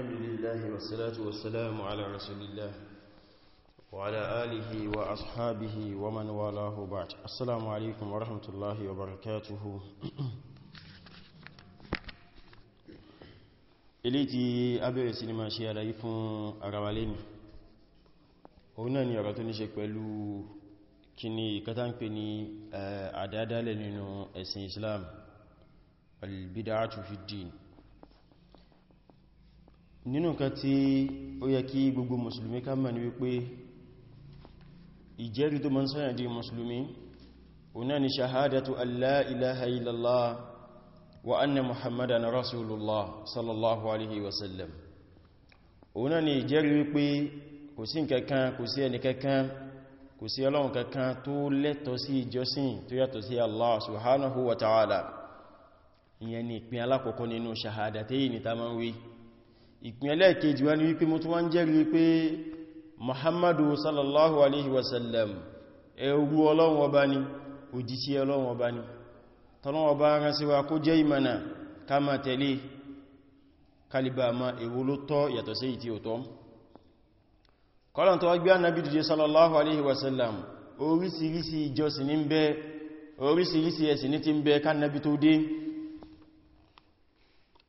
الحمد لله والصلاة والسلام على رسول الله وعلى آله وأصحابه ومن والاه بعد السلام عليكم ورحمة الله وبركاته إليتي أبي ما شيئا ليفون أرامالين هنا نيرتون شكبلو kini katanpe ni eh, àdádálẹ̀ nínú ẹ̀sìn Islam albida'atu fi din nínú nǹkan tí ó yẹ kí gbogbo mùsùlùmí ká mọ̀ ní wípé ìjẹ́rí tó mọ́ sọ́yà di mùsùlùmí ọ̀nà ni shahadatu alla ilaha illallah wa anna muhammadan rasulullah sallallahu alaihi wasallam ọ̀nà ni ìjẹ́rí wípé kò sí nǹkankan kò sí ẹnìkankan kò sí ọlọ́run kankan tó lẹ́tọ̀ sí ìjọsìn tó yàtọ̀ sí allah subhanahu wa ta'ala ìyẹn ni ìpín alákọ̀ọ́kọ́ nínú shahadatayn ni ta máa ń wí ìpínlẹ̀ kejì wọ́n ní wípé mo tún wọ́n jẹ́rìí wípé muhammadu sallallahu alaihi wasallam ẹrú ọlọ́run ọba ni òjíṣẹ́ ọlọ́run ọba ni tọ́lọ́run ọba rán sí wa kó jẹ́ ìmọ̀nà ká máa tẹ̀lé kalibà ma èwo ló tọ́ yàtọ̀ sí ìtí òtọ́ kọ́lọ̀n tó sallallahu alaihi wasallam orísìírísìí ìjọsìn ní ń bẹ orísìírísìí ẹ̀sìn ní ti ń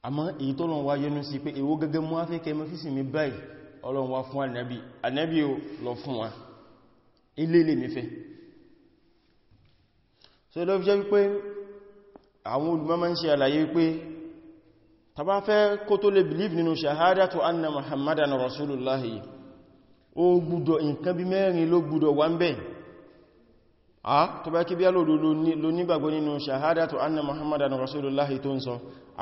àmọ́ èyí tó lọ́n wá yẹnu sí pé èwo gẹ́gẹ́ mú afẹ́ kẹmọ́ fíìsì mi báyìí ọlọ́run wá fún ànábì ànábì ó lọ fún wa ilé ilé mi fẹ́ so lọ fi jẹ́ wípé àwọn olùmọ̀ máa ń ṣe àlàyé wípé tá bá fẹ́ kó tó lè believe nínú shahadatu anna muhammadan rasulullahi ó gbúdọ̀ nǹkan bí mẹ́rin ló gbúdọ̀ wà a tó bá kí bí alòdó ló nígbàgbọ́ nínú ṣàhádàtò anna muhammadan rasulullahi tó ń sọ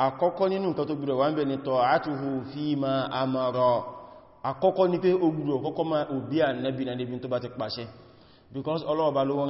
àkọ́kọ́ nínú nǹkan tó gbọ́dọ̀ wà ń bẹ̀ ni ta'atuhu fi ma amara àkọ́kọ́ ní pé ó kọ́kọ́ ma òbí ànẹ́bì na níbi tó bá ti pàṣẹ because ọlọ́ọ̀bá ló wọ́n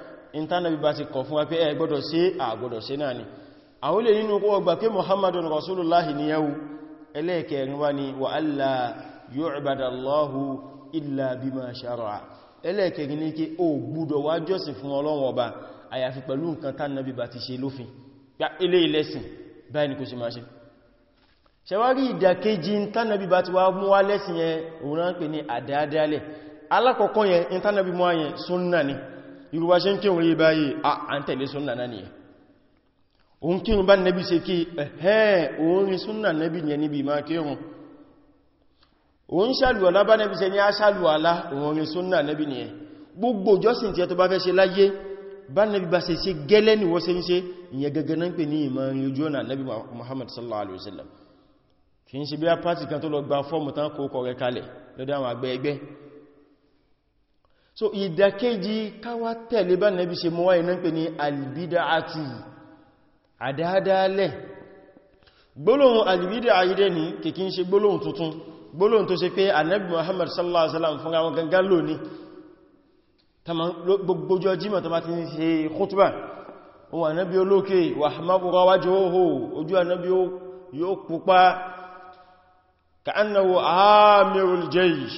ìntánàbí bá ti kọ̀ fún wa pé ẹ gbọ́dọ̀ sí àgbọ́dọ̀ sí náà ni àwọn olè nínú kó ọgbà pé muhammadun rasulullahi ni yau ẹlẹ́ẹ̀kẹrin wá ni wa alla yu'badallahu illa bima shara'a ẹlẹ́ẹ̀kẹrin ní kí o gbọ́dọ̀ wá jọ́sìn fún ọlọ́run ọba àyàfi pẹ̀lú nǹkan tánàbí ya ilé ilẹ́sìn báyìí ni kò sì máa ṣe ṣẹwárí ìdàkejì tánàbí bá ti wá mú wá lẹ́sìn yẹn òun náà ń pè ní ni irúwá ṣe ń kí òun yí báyìí ah, à ń tẹ̀lé súnnà náà nìyẹn òun kí òun bá nẹ́bí ṣe kí ẹ̀hẹ́ òun rí súnnà nẹ́bí nìyẹn níbi ìmá kírùn òun ṣàlùwàlá bá nẹ́bí ṣe ní aṣàlùwàlá òun rí súnnà nẹ́bí nìyẹn gbogbo ni wọ́n ṣe ń ṣe ìyẹn gẹ́gẹ́ Muhammad sallallahu alaihi wasallam kì í ṣe bí a pàtì kan tó lọ so ìdàkejì káwà tẹ̀lé bá nẹ́bí ṣe mọ́wá iná pè ní albida'atu àdáadáalẹ̀ gbólóhùn albida ayide ni kìkín ṣe gbólóhùn tuntun gbólóhùn tó ṣe pé annabi muhammad sallallahu alaihi wasallam fún àwọn gangan lóní gbogbojọ jímọ̀ tó bá ti ń ṣe khutba ohun annabi olókè wà hamaburọ wájú oho ojú annabi yóò pupa amirul jaysh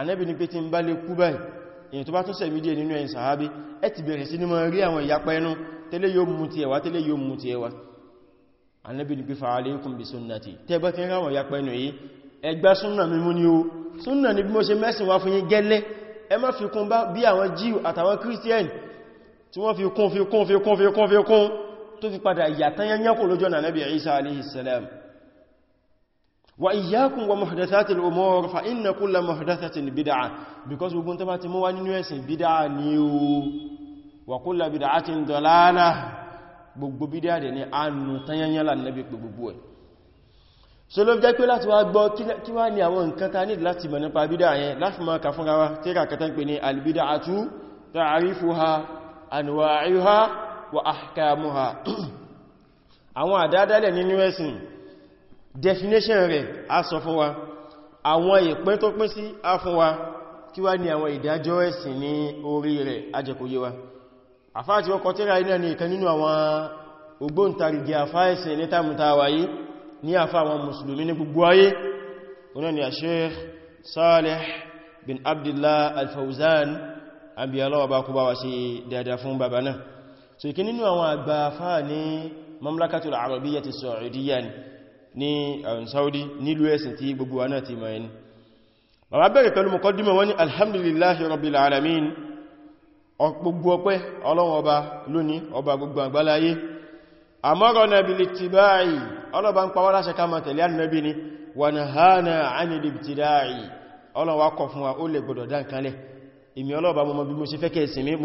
anẹ́bì ní pé tí ń bá lè kú báyìí èyàn tó bá tún sẹ̀mí díẹ̀ nínú ẹ̀yìn sàhábí ẹ ti bẹ̀rẹ̀ sí ní máa rí àwọn ìyapa ẹnu tẹ́lẹ̀ yóò mú ti ẹ̀wà tẹ́lẹ̀ yóò mú ti ẹ̀wà anẹ́bì ní pé fa'alaykum bi sunnati tẹ́ bá ti rí àwọn ìyapa ẹnu yìí ẹ gba súnnà mi mú ní o súnnà ni bí mo ṣe tí wọ́n fi kún fi kún fi kún fi kún tó fi padà ìyàtányányákò lójọ́ nà nẹ́bì Ìsá alayhi وإياكم ومحدثات الأمور فإن كل محدثة بدعة because we gunta bá ti mú wá nínú ẹ̀sìn bid'a ni o wa kullu bid'atin dalalah gbogbo bid'a de ni anu tanyanya la nabi gbogbo ẹ̀ so ló jẹ́ pé láti wá gbọ́ kí wá ní àwọn nǹkan tá ní láti mọ̀ nípa bid'a yẹn láti máa kà fúnra wa tírà kan tán pè al bid'atu ta'rifuha anwa'iha wa ahkamuha àwọn àdádálẹ̀ nínú ẹ̀sìn definition rẹ̀ a sọ fún wa àwọn ìpín tó pín sí a fún wa kí wá ní àwọn ìdájọ́ ẹ̀sìn ní orí rẹ̀ ajẹ́kòyé wa àfáàtí ọkọ̀ tíra iná ní ìkan nínú àwọn ògbóǹtarìgì àfáẹsẹ̀ ní tàmùtàwà yìí ní àfá àwọn mùsùlùmí ní gbogbo ayé bin Abdullah Al-Fawzan abiyalawa bá kú bá wá sí so ìkan nínú àwọn àgbà àfáà ní mamlakatul Arabiyyati Saudiyyah ni ní um, Saudi nílùú ẹ̀sìn tí gbogbo wa náà ti mọ̀ ẹni bàbá bẹ̀rẹ̀ pẹ̀lú mọ̀kọ́dímọ̀ wọ́n ní alhamdulillahi rabbil alamin gbogbo ọpẹ́ ọlọ́run ọba lónìí ọba gbogbo àgbáláyé amarana bil ittiba'i ọlọ́ba ń pàwọ́ láṣẹ ká máa tẹ̀lé ànábì ni wa nahana anil ibtida'i ọlọ́run wá kọ̀ fún wa ó lè gbọdọ̀ dá nǹkan lẹ̀ èmi ọlọ́ba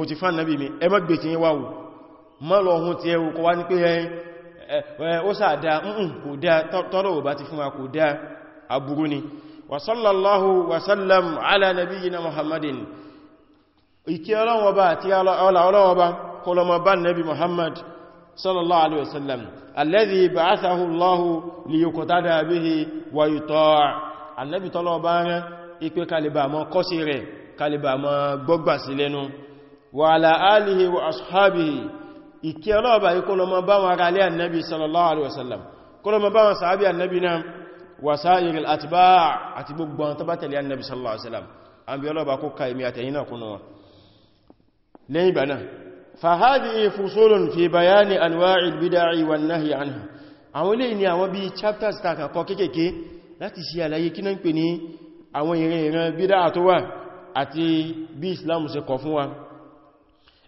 ti fún ànábì Eh, eh, ó sáàdá kò dá tọ́lọ̀ bá ti fún wa kò dá aburú ni wa sallallahu wa sallam ala nabiyyina muhammadin ìkẹ́ ọlọ́wọ́ bá àti ọlọ́wọ́ bá kọlọmọ bá nabi muhammad sallallahu alaihi wasallam alladhi ba'athahu allahu bá rán ipé kalibà ìkẹ́ ọlọ́ọ̀bà yìí kó lọ mọ bá wọn ara alẹ́ annabi sallallahu alaihi wasallam kó lọ mọ bá wọn sàábí annabi náà wasairi al'atiba àti gbogbo wọn tó bá tẹ̀lé annabi sallallahu alaihi wasallam an bí ọlọ́ọ̀bà kó ka ìmì àtẹ̀yìn náà kúnnà wọn lẹ́yìn ìgbà náà chapters ta kan kọ kékèké láti ṣe àlàyé kí náà ń pè ní àwọn ìrìn ìran bídá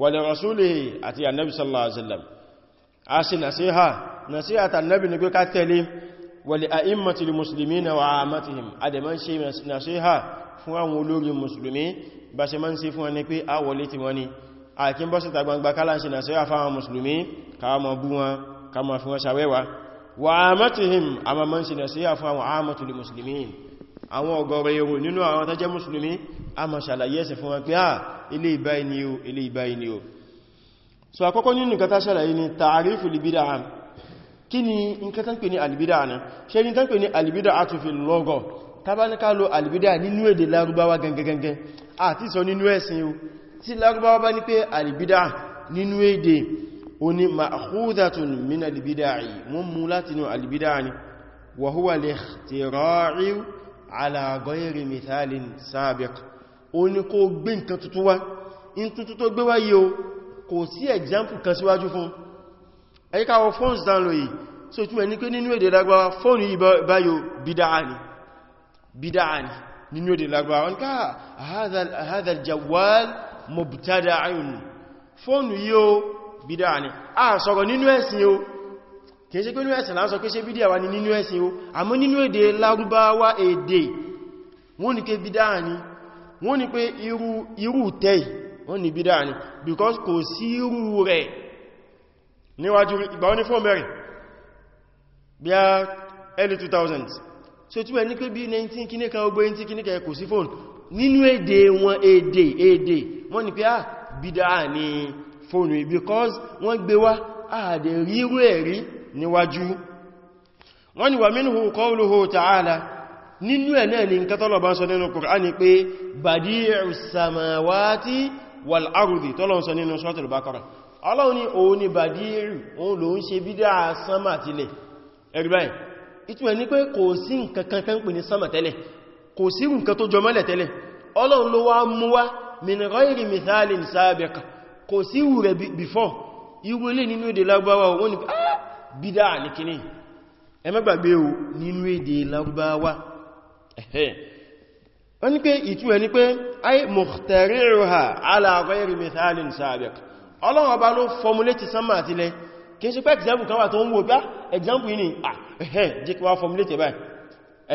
wàlẹ̀ rasulihi àti annabi sallallahu alaihi wasallam a sì nasiha nasiha ta annabi ni pé ká tẹ̀lé wàlẹ̀ a'immatil muslimina wa amatihim a dẹ̀ man ṣe nasiha fún àwọn olórin musulmi bá ṣe man ṣe fún wọn ni pé a wọlé ti wọ́n ni a kí bọ́ síta gbangba kálá ṣe nasiha fáwọn musulmi ká má bú wa amatihim a man ṣe nasiha fún àwọn amatul muslimin àwọn ọ̀gọ̀rọ̀ èrò nínú àwọn tó jẹ́ musulmi a ma ṣàlàyé ẹ̀sẹ̀ fún wọn pé ah, ilé ìbáyìí ni o ilé ìbáyìí ni o so àkọ́kọ́ nínú nǹkan tá ṣàlàyé ni tààrífù libida'a kí ni nǹkan tán pè ní albida'a na ṣe ni tán pè ní albida'a tó fi lọ́gọ̀ tàbáníká lo albida'a nínú èdè lárúbáwá gangangangan àti sọ nínú ẹ̀sìn o tí lárúbáwá bá ní pé albida'a nínú èdè o ni ma'khudatun min albida'i mun mú láti nù albida'a o ní kó gbé nǹkan tuntun wá in tuntun tó gbé wáyé o kò sí example kan síwájú fún ẹ̀yíká wọ fóònù dánlò yìí so túnmẹ̀ ní pé nínú èdè lágbàwá fóònù yìí báyò bídáàni bídáàni nínú èdè lágbàwá wọn káà hadhal jawal mubtada ayunu fóònù yìí o bídáàni a sọ̀rọ̀ nínú ẹ̀sìn o kìí ṣe pé nínú ẹ̀sìn láńsọ pé ṣe bídíà wá ní nínú ẹ̀sìn o àmọ́ nínú èdè lárúbáwá èdè wọ́n ní ké bídáàni wọ́n ní pé irú irú tẹ́ì wọ́n ní bídá ní because kò sí irú rẹ̀ níwájú ìgbà wọ́n ní fún mẹ́rin bí a early 2000s so tí wẹ́ ní pé bí 19 kíní kan ogbó 19 kíní kan kò sí fóòn nínú èdè wọn èdè èdè wọ́n ní pé ah bídá ní fóòn because wọ́n gbé wá àdè ríru ẹ̀rí níwájú wọ́n ní wà minhu qawluhu ta'ala nínú ẹ̀ náà ni nǹkan tọ́lọ̀ bá ń sọ nínú Kùránì pé badi'us samawati wal ardi tọ́lọ̀ ń sọ nínú Suratul Baqara Ọlọ́run ni òun ni badi'u òun ló ń ṣe bídá sánmà tilẹ̀ ẹgbẹ́ ìtumọ̀ ní pé kò sí nǹkan kankan pè ní sánmà tẹ́lẹ̀ kò sí nǹkan o nínú èdè Lárúbáwá ó ní pé ìtú ẹni pé ay mukhtari'uha ala ghayri mithalin sabiq ọlọ́wọ́ bá ló formulate sánmà àtilẹ̀ kí n ṣe pé example kan wà tó ń wò pé ah, example yìí ni ah ẹ̀hẹ́ jẹ́ kí wá formulate báyìí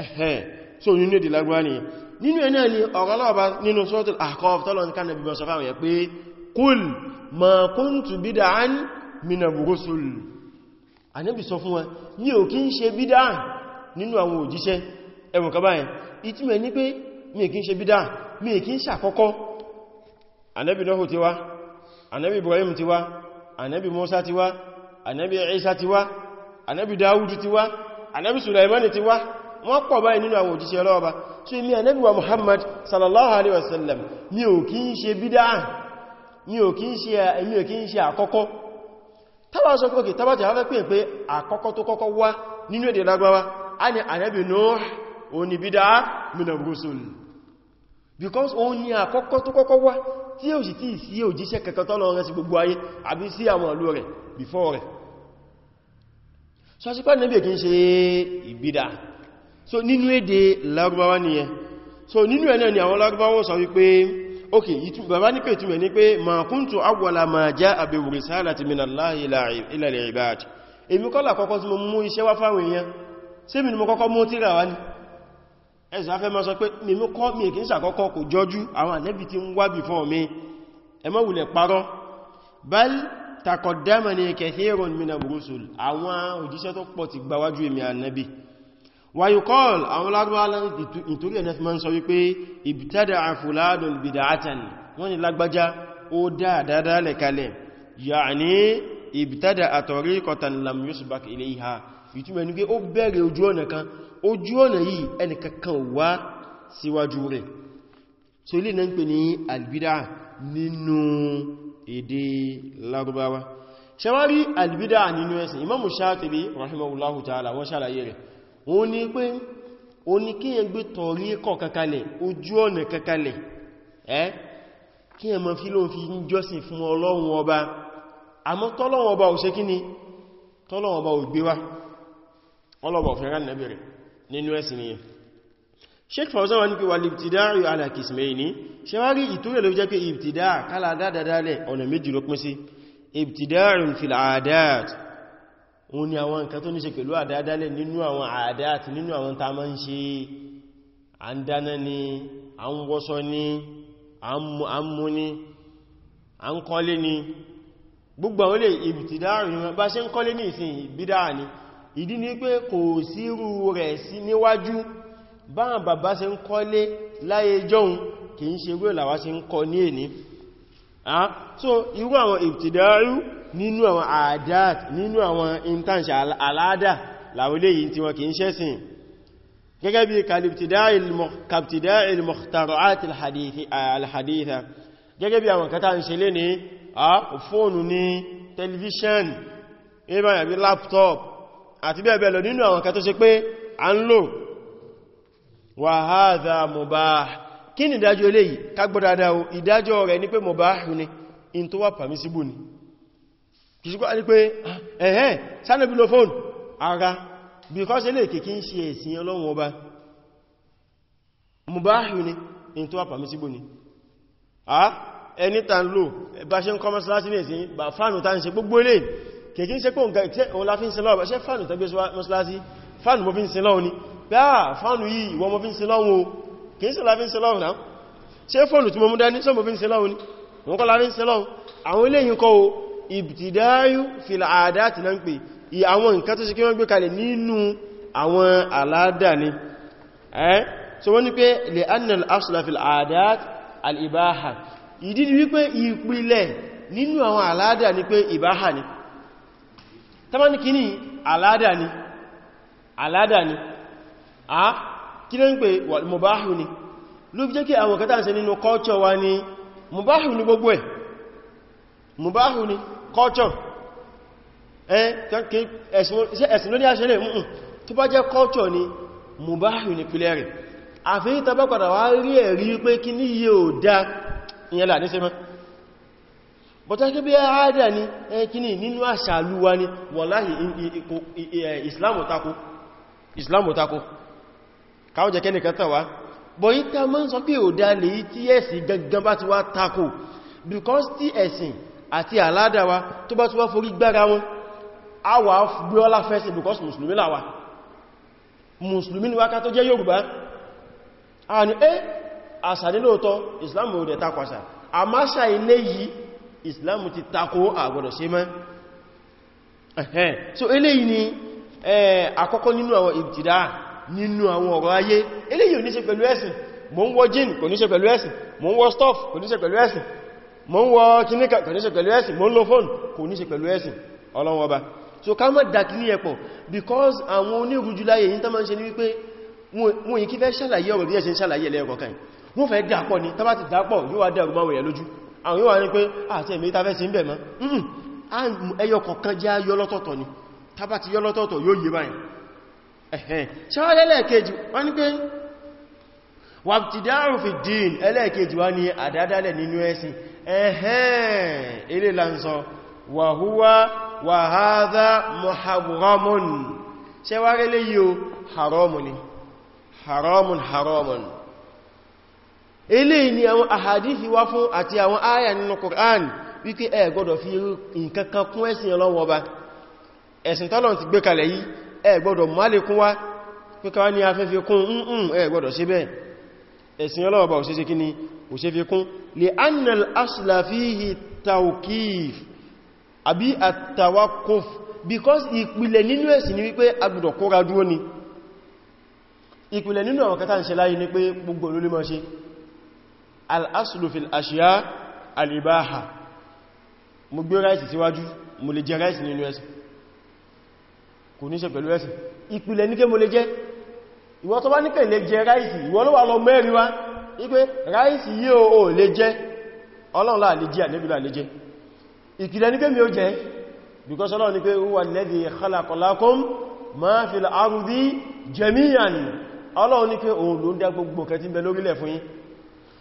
ẹ̀hẹ́ so nínú èdè lágbàá ni nínú ẹni ẹni ọ̀rọ̀lọ́ọ̀bá nínú suratul Ahqaf tọ́lọ̀n kan nàbí ní ẹwùn kaba yẹn ìtìmẹ̀ ní pé mi kí ń ṣe bídá mi kí ń ṣàkọ́kọ́ ànábì Nuhu ti wá ànábì Ibrahim ti wá ànábì Musa ti wá ànábì Isa ti wá ànábì Dawud ti wá ànábì Sulaiman ti wá wọ́n pọ̀ báyìí nínú àwọn òjíṣẹ́ ọlọ́ọba tí mi Muhammad sallallahu alaihi wasallam mi ò kí ń ṣe bídá mi ò kí ń ṣe àkọ́kọ́ tàbá sọ pé tàbá jẹ́ afẹ́ pé àkọ́kọ́ tó kọ́kọ́ a ni ànábì Nuhu ó ní bídá minar because ó ní àkọ́kọ́ tó kọ́kọ́ wá tí ó sì tí sí òjíṣẹ́ kankan tó lọ rán sí gbogbo ayé àbí sí àwọn ìlú rẹ̀ before rẹ̀ so àṣípá níbi èkí ń ṣe ìbídá so nínú èdè Lárúbáwá nìyẹn so nínú ẹ̀nà ni àwọn Lárúbáwá sọ wípé ok bàbá ní pé ìtumọ̀ ní pé ma kuntu awwala ma jaa bi risalati minallahi ila al-ibad èmi kọ́ làkọ́kọ́ tí mo mú iṣẹ́ wá fáwọn èèyàn ṣé mi ẹ̀sìn afẹ́ ma sọ pé mímú kọ́ mi kì í sàkọ́kọ́ kò jọjú àwọn ànẹ́bì tí ń wá bí fún mi ẹmọ́ wùlẹ̀ parọ́ bal takọ̀dẹ́mọ̀ ni kathirun mina rusul àwọn òjíṣẹ́ tó pọ̀ ti gbáwájú èmi ànẹ́bì wayukọ́l àwọn lágbàlá ìtorí ẹ̀nẹ́ fi ma ń sọ wípé ibtada fulanun bid'atan wọ́n ni lágbàjá ó dáadáa lẹ́kalẹ̀ ya'ni ibtada tariqatan lam yusbaq ilayha ìtumẹ̀ ní pé ó bẹ̀rẹ̀ ojú ọ̀nà kan ojú ọ̀nà yìí ẹnìkankan wá síwájú rẹ̀ so ilé náà ń pè ní albida nínú èdè larubawa ṣẹwárí albida nínú ẹ̀sìn imamu Shatibi rahimahullahu ta'ala wọ́n ṣàlàyé rẹ̀ wọ́n ni pé o ní kí yẹn gbé tọ̀rí kọ̀ kakalẹ̀ ojú ọ̀nà kakalẹ̀ ẹ́ fi ọba àmọ́ tọ́lọ́run ọba ò ṣe kí ni o gbewa nẹ́bẹ̀rẹ̀ nínú ẹ̀sìn yẹn Sheikh Fawzan wọ́n ní pé wà libtidáàrí alákìsmẹ́ ní ṣe wá rí ìtúrẹ̀ ló jẹ́ pé ibtidáà kálá dáadáadáalẹ̀ ọ̀nà méjì ló pín sí ibtidáàrùn fil àádáàt wọ́n ní àwọn nǹkan tó ní ṣe pẹ̀lú àdáadáalẹ̀ nínú nínú ni à ń wọṣọ ni à ń mú ni à ń kọ́lé ni gbogbo àwọn ilé ibtidáàrùn bá ṣe ń kọ́lé ìdí ni pé kò sírú rẹ̀ sí níwájú báwọn bàbá ṣe ń kọ́lé láyé jọun kì í ṣe rú làwa ṣe ń kọ ní èní so irú àwọn ìbtìdáru nínú àwọn àdáàt nínú àwọn intanṣe aláàdà làwọlé yìí tí wọ́n kì í ṣẹ́sìn gẹ́gẹ́ bí kàbtìdá alhaditha gẹ́gẹ́ bí àwọn kàtà ń ṣe lé ní fóònù ní àti bẹ́ẹ̀bẹ́ẹ̀ lọ nínú àwọn kan tó ṣe pé a ń lò wa hadha mubah kí ni ìdájọ́ eléyìí ká gbọ́ o ìdájọ́ rẹ̀ ní pé mubah ni in tó wà permissible ni kìí ní ara because ilé kìí ń ṣe mubah ni in tó wà permissible ni ẹni tàn lò bá ṣe ń kọ́mọ́sílásí ní bà fánù tàn ṣe gbogbo eléyìí kèkí ń ṣe pé òǹkà tí òun láfí ń sin lọ́wọ́ ṣe fánù tàbí mọ́sílásí fánù mọ́ fi ń sin lọ́wọ́ ni pé à ah, fánù yìí ìwọ mọ́ fi ń sin lọ́wọ́ o kìí sí láfí ń sin lọ́wọ́ náà ṣe fóònù tí mo mú dání sọ mọ́ fi ń sin lọ́wọ́ ni wọ́n kọ́ láfí ń sin lọ́wọ́ àwọn eléyìn kọ́ o ìbìtìdáyú fìlàádá ti náà ń pè àwọn nǹkan nínú àwọn àládà ní pé ìbáhà ni tàbí ní kìíní aládà ni aládà ni a kí ló ń pè mọ̀báhù ni ló fi jẹ́ kí àwọn kẹta ṣe nínú culture wa ni mọ̀báhù ni gbogbo ẹ̀ mọ̀báhù ni culture ẹ̀sìn lórí aṣẹ́lẹ̀ mú tó bá jẹ́ culture ni mọ̀báhù ni pìlẹ̀ rẹ̀ àfihìta bá padà wá rí ẹ̀rí pé bọ̀tá kí bí àádà ní ẹkíní nínú àṣàlúwa ní wàláhì eh, islamu tako islamu tako káwọn jẹ́ kẹ́nìkan tàwà bọ̀ yí ká mọ́ sọ pé ò dá lè yí tí ẹ̀sìn gangan bá ti wá tako because tí ẹ̀sìn àti àládà wa tó bá ti wá forí gbára wọn a wà gbọ́lá fẹ́sìn because musulmi làwà musulmi ni wákà tó jẹ́ Yorùbá a ní ẹ́ eh, àṣà nílòótọ́ islamu ò dẹ̀ takwàṣà àmáṣà ilé yìí islam ti takó àgbọ̀dọ̀ ṣe mẹ́ ẹ̀hẹ́n so eléyìí ni àkọ́kọ́ nínú àwọn ìbtìdá nínú àwọn ọ̀rọ̀ ayé eléyìí ò ní ṣe pẹ̀lú ẹ̀sìn mo ń wọ jean kò ní pẹ̀lú ẹ̀sìn mo ń wọ stuff kò ní ṣe pẹ̀lú ẹ̀sìn mo ń wọ kíníkà kò ní ṣe pẹ̀lú ẹ̀sìn mo ń lo phone kò ní pẹ̀lú ẹ̀sìn ọlọ́run ọba so ká mọ́ dàkíní ẹ̀pọ̀ because àwọn onírújú láyé yìí tán máa ń ṣe ní wípé wọn yìí kí fẹ́ ṣàlàyé ọ̀rọ̀ bí ẹ̀ṣẹ́ ṣàlàyé ẹlẹ́ẹ̀kọ̀ọ̀kan wọ́n fẹ́ dàpọ̀ ni tábà ti dàpọ̀ àwọn yíwa ní pé àti ẹ̀mí ìtafẹ́ sí ń bẹ̀ mọ́ ẹyọ kọ̀kan jẹ́ yọlọ́tọ̀tọ̀ ni tàbá ti yọlọ́tọ̀tọ̀ yóò yé báyìí ẹ̀hẹ́n ṣáwọ́lẹ́lẹ́ẹ̀kejì wọ́n ní pé wàbtìdáàrù fi dìn ẹlẹ́ẹ̀kejì wá ní àdádálẹ̀ nínú ẹ̀sìn ẹ̀hẹ́n ilé lansọ wàhúwá wàhádá muharramun ṣẹwárẹ́lẹ́ yíò haramun ni haramun haramun eléyìí ni àwọn àhàdíhì wá fún àti àwọn àyà nínú Qur'an wípé ẹ gbọ́dọ̀ fi nǹkankan kún ẹ̀sìn Ọlọ́run Ọba ẹ̀sìn tọ́lọ̀ ti gbé kalẹ̀ yìí ẹ gbọ́dọ̀ mọ́lẹ̀ kún wá píkà ní afẹ́fẹ́ kún ǹǹ ẹ gbọ́dọ̀ ṣe bẹ́ẹ̀ ẹ̀sìn Ọlọ́run Ọba òṣèṣe kí because ìpìlẹ̀ nínú ni wípé a gbọ́dọ̀ kóra dúró ni ìpìlẹ̀ nínú àwọn kẹta ń ṣe ní pé gbogbo olólé mọ́ ṣe al'aslu fil ashiya al'ibaha mo gbé ráìsì síwájú mo lè jẹ ráìsì nínú ẹ̀sìn kò ní ṣe pẹ̀lú ẹ̀sìn ìpìlẹ̀ ní kí mo lè jẹ ìwọ tó bá ní pẹ̀lẹ̀ jẹ ráìsì ìwọ ló wà lọ mẹ́rin wá ní because ọlọ́run ní pé huwa alladhi khalaqa ma fil ardi jami'an ọlọ́run ní pé òun ló ń dá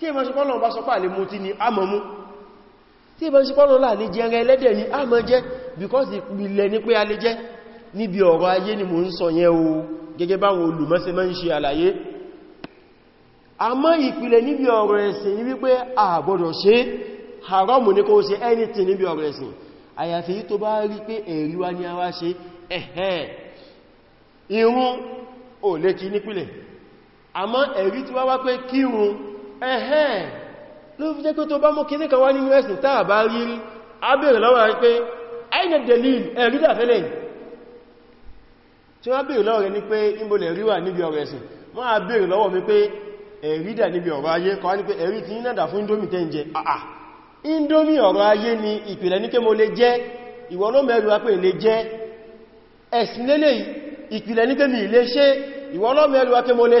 tí ìbọn ṣe pọ́lọ̀ bá sọpá lè mú tí ni a mọ̀ mú tí ìbọn ṣe pọ́lọ̀ láà ní jẹrẹ ẹlẹ́dẹ̀ ni a mọ̀ jẹ́ because ìpìlẹ̀ ní pé a lè jẹ́ níbi ọ̀rọ̀ ayé ni mo ń sọ yẹn o gẹ́gẹ́ báwọn olùmọ́sẹ́ mọ́ ń ṣe àlàyé àmọ́ ìpìlẹ̀ níbi ọ̀rọ̀ ẹ̀sìn ni wípé a gbọ́dọ̀ ṣe haramu ní kó ṣe ẹ̀rí a wá ṣe ẹ̀hẹ́ irun ò lè kí nípìlẹ̀ àmọ́ ẹ̀rí tí wá wá pé kírun ẹ̀hẹ́n ló fi jẹ́ pé tó bá mọ́ kí ní kan wá nínú ẹ̀sìn táà bá rí rí lọ́wọ́ rẹ̀ pé ẹ̀yìn delil ẹ̀rí dàfẹ́lẹ̀ tí wọ́n bèèrè lọ́wọ́ rẹ̀ ní pé ìbòlẹ̀ rí wà níbi ọ̀rọ̀ ẹ̀sìn wọ́n lọ́wọ́ mi indomi te nje jẹ indomi ọ̀rọ̀ ni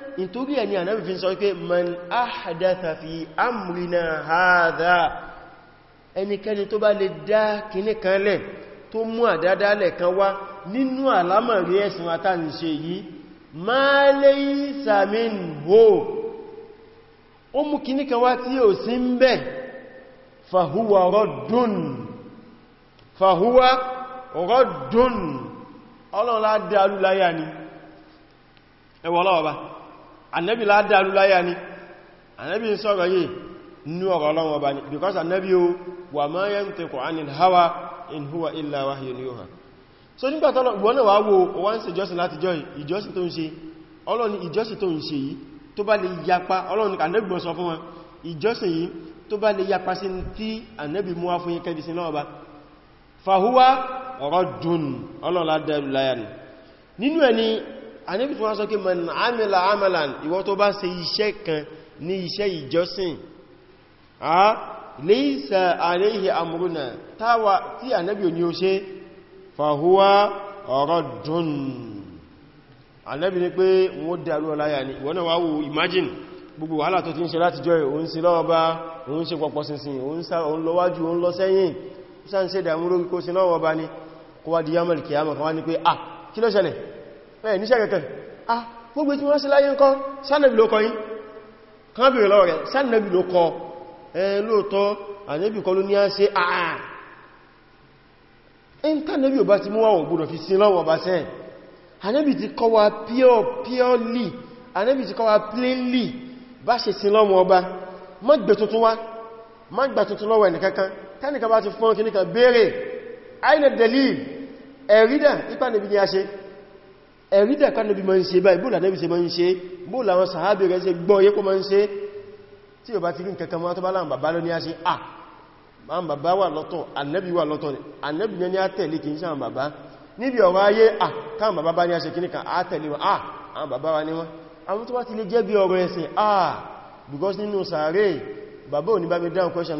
nítorí ẹni ànábì fi sọ pé man áhàdáta fi amrina hadha ẹnikẹni tó bá lè dá kìíní kan lẹ̀ tó mú àdádálẹ̀ kan wá nínú àlámọ̀rí ẹ̀sìn àtàrìṣe yìí ma laysa minhu ó mú kìíní kan wá tí ò sí ń bẹ̀ fahuwa raddun ọlọ́run lá dá alúláyà ni ẹwọ́ ọlọ́wọ́ bá annabi ládàlú láyá ni annabi ń sọ̀rọ̀ yìí ní ọ̀rọ̀ ọlọ́wọ́ bá ní because annabi o wà máa yẹn tẹ kọ̀ hawa in huwa illa wahyun yuha so nígbàtọ́lọ̀ wọ́n náà wá wo wọ́n sí ìjọsìn láti jọ ìjọsìn tó ń ṣe ọlọ́ni ìjọsìn tó ń ṣe yìí tó bá lè yapa ọlọ́ni annabi sọ fún wọn ìjọsìn yìí tó bá lè yapa ni nínú àníbì tó wá sọ kí man amila amalan ìwọ tó bá ṣe iṣẹ́ kan ní iṣẹ́ ìjọsìn a laysa alayhi amruna táwà tí ànábì ò ní ó ṣe fahuwa raddun ànábì ní pé wọ́n dárú ọláyà ni ìwọ náà wá wò imagine gbogbo wàhálà tó ti ń ṣe láti jọ òun pé ah kí ló ṣẹlẹ̀ ẹ̀ níṣẹ́ kẹ̀kẹ́ ah gbogbo tí wọ́n sí láyé ń kọ́ sánàbì ló kọ yí kan bèèrè lọ́wọ́ rẹ̀ sánàbì ló kọ ẹ eh, lóòtọ́ ànẹ́bì kọ ló ní á ṣe àà ah, ah. ẹn tánàbì ò bá ti mú wà wọ́n gbọ́dọ̀ fi sí lọ́wọ́ bá sẹ́ ànẹ́bì ti kọ́ wa purely ànẹ́bì ti kọ́ wa plainly bá ṣe sí lọ́wọ́ ọba má gbé tuntun wá má gbà tuntun lọ́wọ́ ẹnìkankan tánìkan bá ti fún kíníkan béèrè àìnà dalil ẹ̀rídà ipa nìbí ni a ṣe ẹ̀rí tẹ̀ká níbi ma ń ṣe báyìí bóòlà níbi ṣe ma ń ṣe bóòlà wọn sàábì rẹ̀ ṣe gbọ́ yẹ́kọ́ ma ń ṣe tí o bá ti rí nǹkan kan tó bá láàrín bàbá lóní a ṣe ah, à máa bàbá wà lọ́tọ̀ ànábì wà lọ́tọ̀ ànábì ní a tẹ̀lé kìí sáà bàbá a ṣe àwọn bàbá wa ní wọn àwọn tó bá ti lè jẹ́ bí ọ̀rọ̀ ẹ̀sìn à ah, because nínú sàárè bàbá ò ní bá mi dáhùn question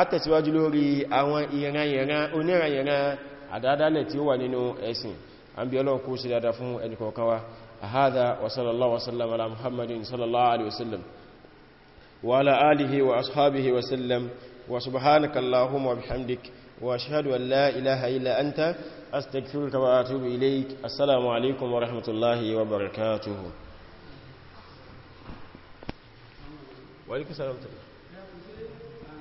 àtẹ̀síwájú lórí àwọn ìrìnrìnrìn onírìnrìn àdádálẹ̀ tí ó wà nínú ẹ̀sìn àbí Ọlọ́run kó ṣe dáadáa fún ẹnìkọ̀ọ̀kan wa hadha wa sallallahu wasallam ala muhammadin sallallahu alaihi wasallam wa ala alihi wa ashabihi wasallam wa subhanaka